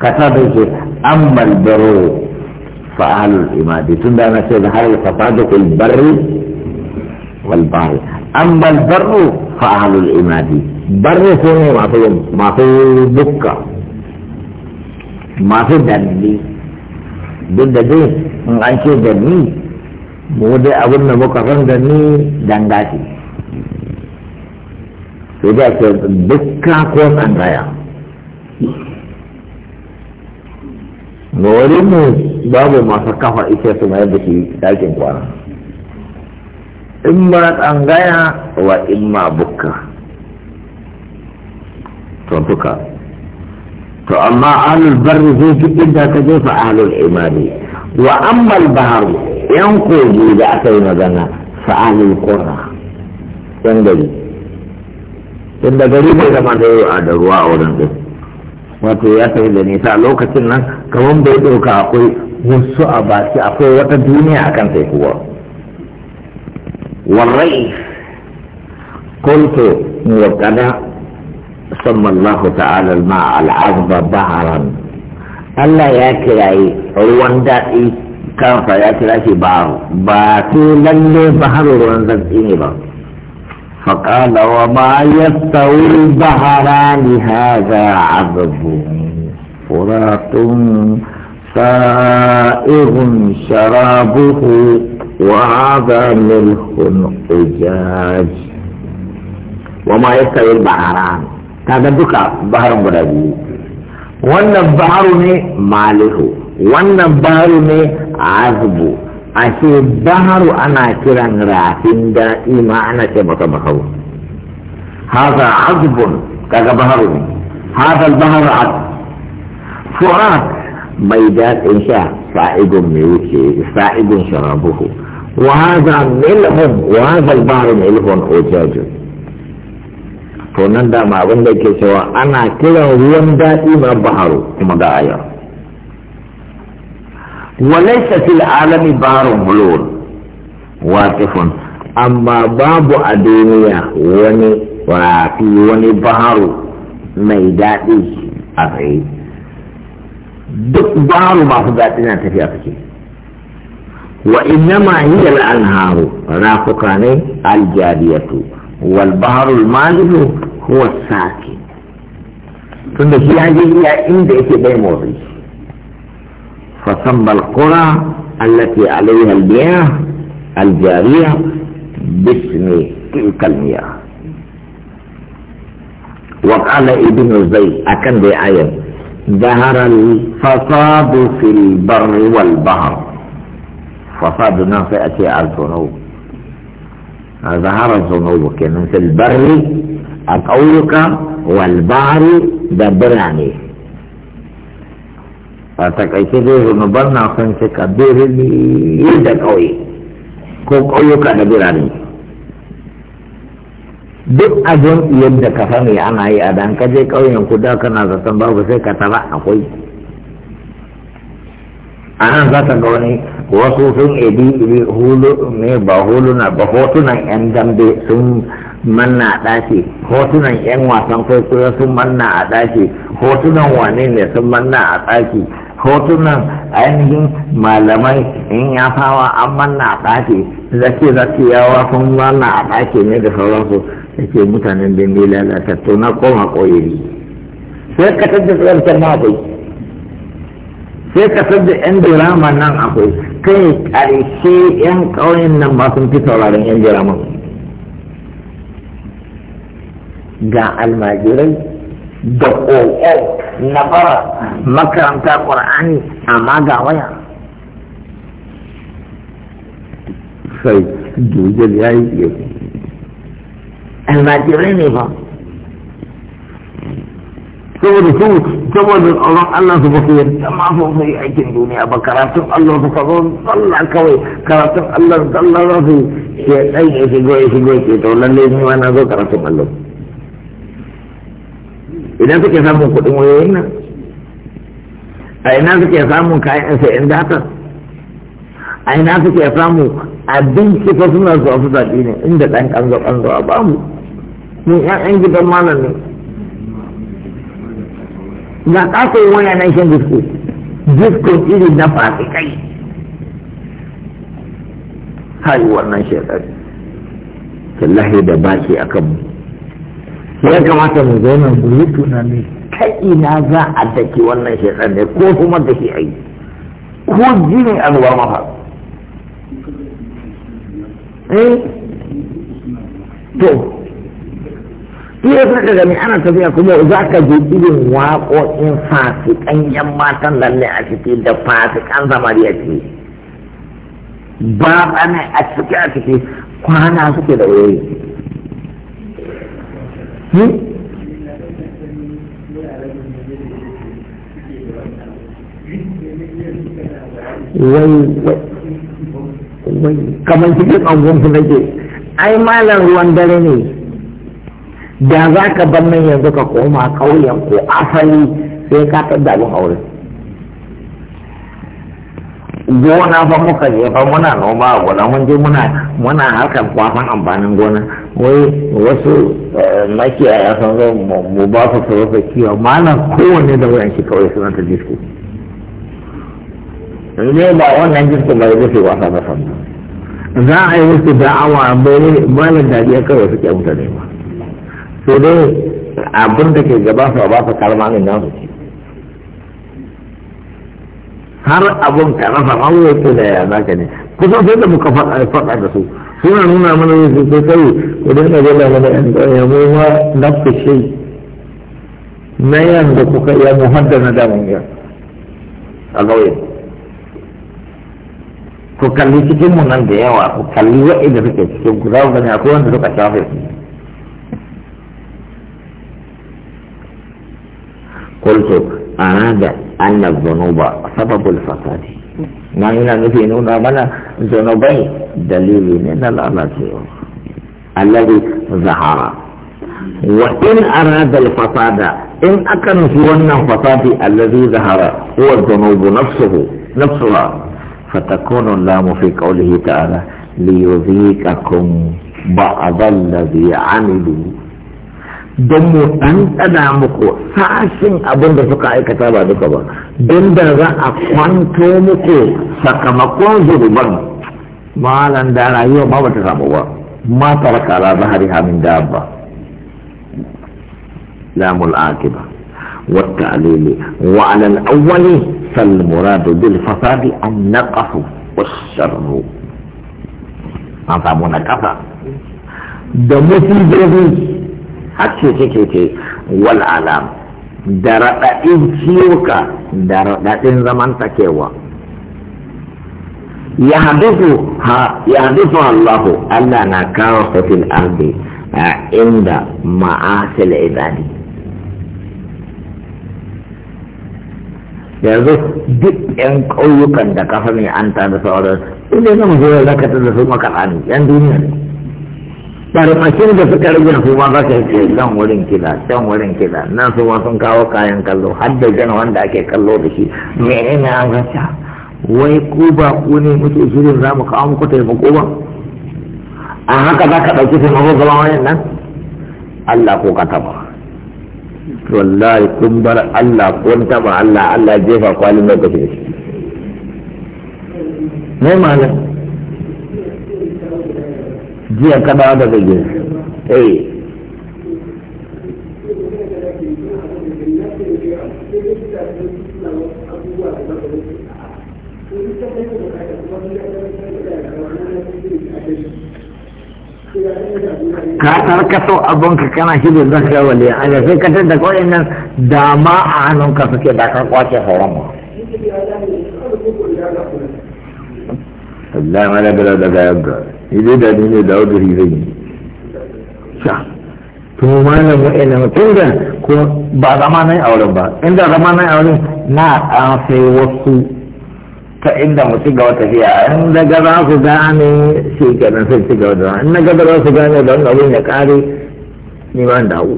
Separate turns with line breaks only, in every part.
kasa da ke ammal baro fa'alul imadi tun da na ce da har fasadu kul barri wal bahri ammal barru fa'alul imadi barri su ne masu yin masu masu danni duk da dai in an ce danni mu dai abin da muka san danni dangashi sai da ke bukka ko tsangaya ga wurin mu babu masu kafa ike su mayar da shi dakin kwana in ma tsangaya wa in ma bukka to to amma ahlul barri zai fi inda ka jefa ahlul imani wa ammal bahar yan kogi da aka yi magana fa ahlul kura yan gari inda gari bai zama da yau a da ruwa a wurin din wato ya sai da nisa lokacin nan kamar bai ɗauka akwai wasu a baki akwai wata duniya a kan kuwa warai kuntu muwakkada sallallahu ta'ala ma al'azba baharan Allah ya kirayi ruwan daɗi kansa ya kira shi ba ba su lalle bahar ruwan zantsi ne ba فقال وما يستوي البحران هذا عذب فرات سائغ شرابه وهذا ملح أجاج وما يستوي البحران هذا بكى بحر مرابي وان البحر ماله وان البحر عذب أشي بحر أنا كران راسين دا إيما أنا هذا عذب كذا بحر هذا البحر عذب fura mai daɗin sha sa'igun mai wuce sa'igun sharabuhu wa haza milhun wa haza albahr milhun jaju to nan da ma abin da ke cewa ana kiran ruwan daɗi ma baharu kuma da aya wa laysa fil alami barun hulul watifun amma babu a duniya wani rafi wani baharu mai daɗi a tsaye duk baro masu daɗi na tafiya kake wa innama hiya al-anharu rafuka ne al-jariyatu wal bahru al-malihu huwa saki tunda shi ya je iya inda yake bai mori fa samba al-qura allati alayha al biya al jariya bismi tilka al-miyah wa qala ibnu zayd akan da ayan ظهر الفساد في البر والبحر فساد ناطئة الذنوب ظهر الذنوب كان في البر أقولك والبحر دبراني فتكيكي دي ذنوبنا خنسك لي يدك أوي كوك أويك دبراني duk abin yadda ka sani ana yi a dan kaje ƙauyen ku da kana zaton babu sai ka tara akwai a nan za ka ga wani wasu sun ebi hulu ne ba huluna ba hotunan yan dambe sun manna a ɗaki hotunan yan wasan kwaikwayo sun manna a ɗaki hotunan wane ne sun manna a ɗaki hotunan ainihin malamai in ya fawa an manna a ɗaki zaki zake yawa sun manna a ɗaki ne da sauransu ke mutanen da ne lalatattu na koma koyiri sai ka tadda tsarkar na akwai sai ka tadda yan dirama nan akwai kai ƙarshe yan ƙauyen nan ba sun fi sauraron yan diraman ga almajirai da ƙoƙo na bara makaranta ƙur'ani amma ga waya sai dujal ya yi iya almajirai ne ba saboda su saboda tsoron Allah su basu yadda ma su su yi aikin duniya ba karatun Allah su kazo sallah kawai karatun Allah sallah za su yi ke ɗan ya shigo ya shigo ke to lallai ni ma na zo karatun Allah idan suke samun kuɗin wayoyin nan a ina suke samun kayan sayan data a ina suke samu abinci ko suna zuwa su zaɓi ne inda ɗan ƙanzo ƙanzo a bamu mun ƴaƴan gidan malam ne ga ƙasayin waya nan shan disko diskon iri na kai hai wannan shekaru tallahi da baki a kanmu ya kamata mu zauna mu yi tunani ta ina za a daki wannan shekar ne ko kuma da shi ayi ko jini a zuba mafa eh? to shi ya saka gani ana tafiya kuma za ka je irin waƙoƙin fasikan yan matan lalle a ciki da fasikan zamari a ciki ba ne a ciki a ciki kwana suke da wuri Hmm? wai kamar cikin angon su nake ai malam ruwan dare ne da za ka bar nan yanzu ka koma ƙauyen ko asali sai ka ta abin aure gona fa muka je fa muna noma a gona mun je muna muna harkar kwafan amfanin gona wai wasu eh, makiyaya sun zo mu ba su su rufe kiwa malam kowanne da wayan shi kawai suna ta disko ne ba wannan disko ba ya zai wasa ba san za a yi wasu da'awa bai malam ya kawai suke mutane ba so dai abin da ke gaba su ba su kalmanin nasu ce har abun ka rasa mawuyar da ya ka ne kusan sai da muka faɗa da su suna nuna mana yin su sosai ku dinga gwada mana yan tsaye mu ma nafsu shi na yan da kuka iya muhaddar na damun ya a gauye ku kalli cikin mu nan da yawa ku kalli wa'inda suke cikin ku za ku gani akwai wanda suka shafe su قلت أراد أن الذنوب سبب الفساد نعم نعم في نون زنوبين دليلين إن الله سيو الذي ظهر وإن أراد الفساد إن أكن هو النفساد الذي ظهر هو الذنوب نفسه نفسها فتكون اللام في قوله تعالى ليذيقكم بعض الذي عملوا دم أنت دامكم sashin abin da suka aikata ba duka ba don da za a kwanto muku sakamakon zuruban malan da rayuwa ma bata samu ba ma taraka ala zahari hamin ba. lamul akiba wata alili wa alal awwali fal muradu bil fasadi an naqahu washarru an samu na kafa da musibobi har ce ce ce wal alam da raɗaɗin ciwuka da raɗaɗin zamantakewa ya hadisu Allahu Allah na kawo fafil ardi a inda ma'asil ibadi yanzu duk yan ƙauyukan da kafa mai an ta da sauran inda zama zuwa zakatar da su makaɗa ne yan duniya ne farmakin da suka rage su ma za ka ce nan wurin kila can wurin kila nan su ma sun kawo kayan kallo har da jan wanda ake kallo da shi ne an gasa wai ku ba ku ne muke shirin za mu kawo muku taimako ba a haka za ka ɗauki taimako gaba wani nan Allah ko ka taba wallahi kun bar Allah ni taba Allah Allah jefa kwalin lokacin da shi. Mai malam jiya ka dawo daga gida eh ka karkato abinka kana shi da zan kai wale a da sai k'a da kawai nan dama a hannunka suke da ka kwace sauran ma Allah ma da bila daga yadda idai da ne dawo da zai yi sha to malam wa'ina tun da ko ba zama nan auren ba inda zama nan auren na an sai wasu ta inda mutu ga wata fiya in daga za su gane shi kenan sai ci gaba da in daga za su gane da wannan abin ya kare ni ba dawo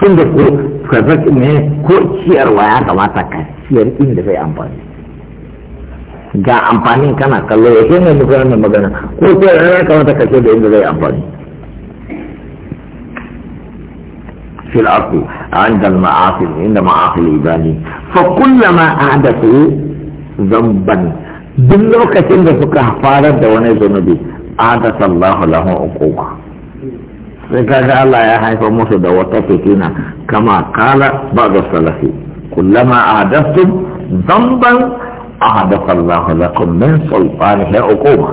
tun da ko ka ne ko ciyarwa ya kamata ka ciyar inda zai amfani ga amfanin kana kallo ya kai ne mutuwa mai magana ko ta yana ya kamata ka ce da inda zai amfani fil aqli inda ma'afi inda ma'afi ibani fa kullama adatu zamban duk lokacin da suka fara da wani zunubi adata Allah lahu uquba sai kaga Allah ya haifa musu da wata fitina kama kala ba da salafi kullama adatu zamban أعدق الله لكم من سلطان هي أقوبة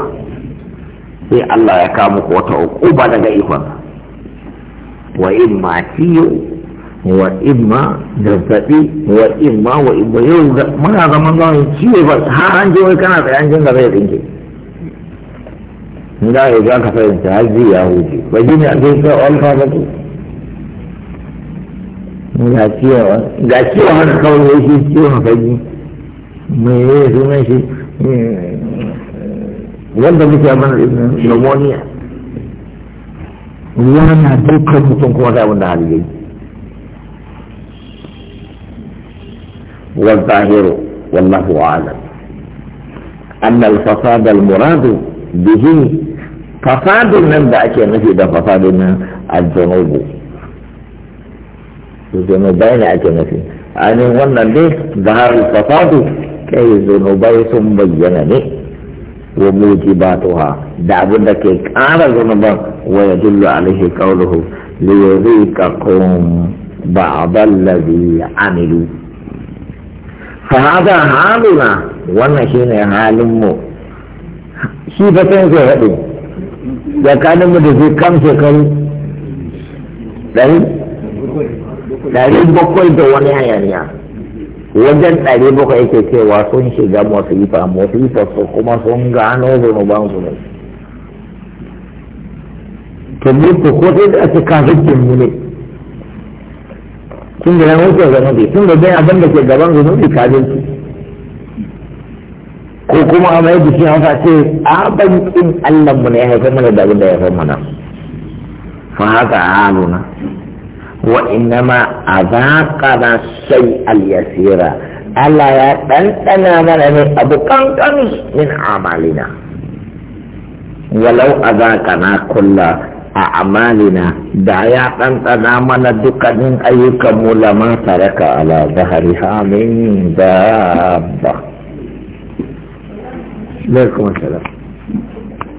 في الله يكامك وتأقوبة لك إخوانا وإما تيو وإما جزتي وإما وإما يوزا ما هذا من الله تيو بس ها أنجي ويكنا في أنجي لا غير أنجي لا يجاك فإن تهجي يهودي وجين أجيسا أولفا لكي لا تيو لا تيو هذا قول ويشي تيو هذا ميت وماشي ولد والظاهر والله اعلم ان الفساد المراد به فساد من دا نفي دا فساد من الذنوب الذنوب بين اكي نفي انا ظهر الفساد kai zunubai sun bayyana ne wa mujibatuha da abin da ke ƙara zunuban wa ya dillu alaihi qawluhu li yuriqakum ba'd allazi amilu fa hada haluna wannan shine halin mu shi ba sai sai hadu da kanin mu da zai kam shekaru dari dari bakwai da wani hayaniya wajen ɗari bakwai yake cewa sun shiga masifa masifa su kuma sun gano zunuban su ne to mu ko ko sai da ake kafin mu ne tun da nan wuce zanubi tun da dai abin da ke gaban zanubi kafin su ko kuma a mai bikin hausa ce abin in allah mu ne ya haifar mana da abin da ya haifar mana fa haka haluna وإنما أذاقنا الشيء اليسير ألا يتنتنا من أبو كنكني من أعمالنا ولو أذاقنا كل أعمالنا دعيا تنتنا من دكان أيكم لما ترك على ظهرها من دابة لكم السلام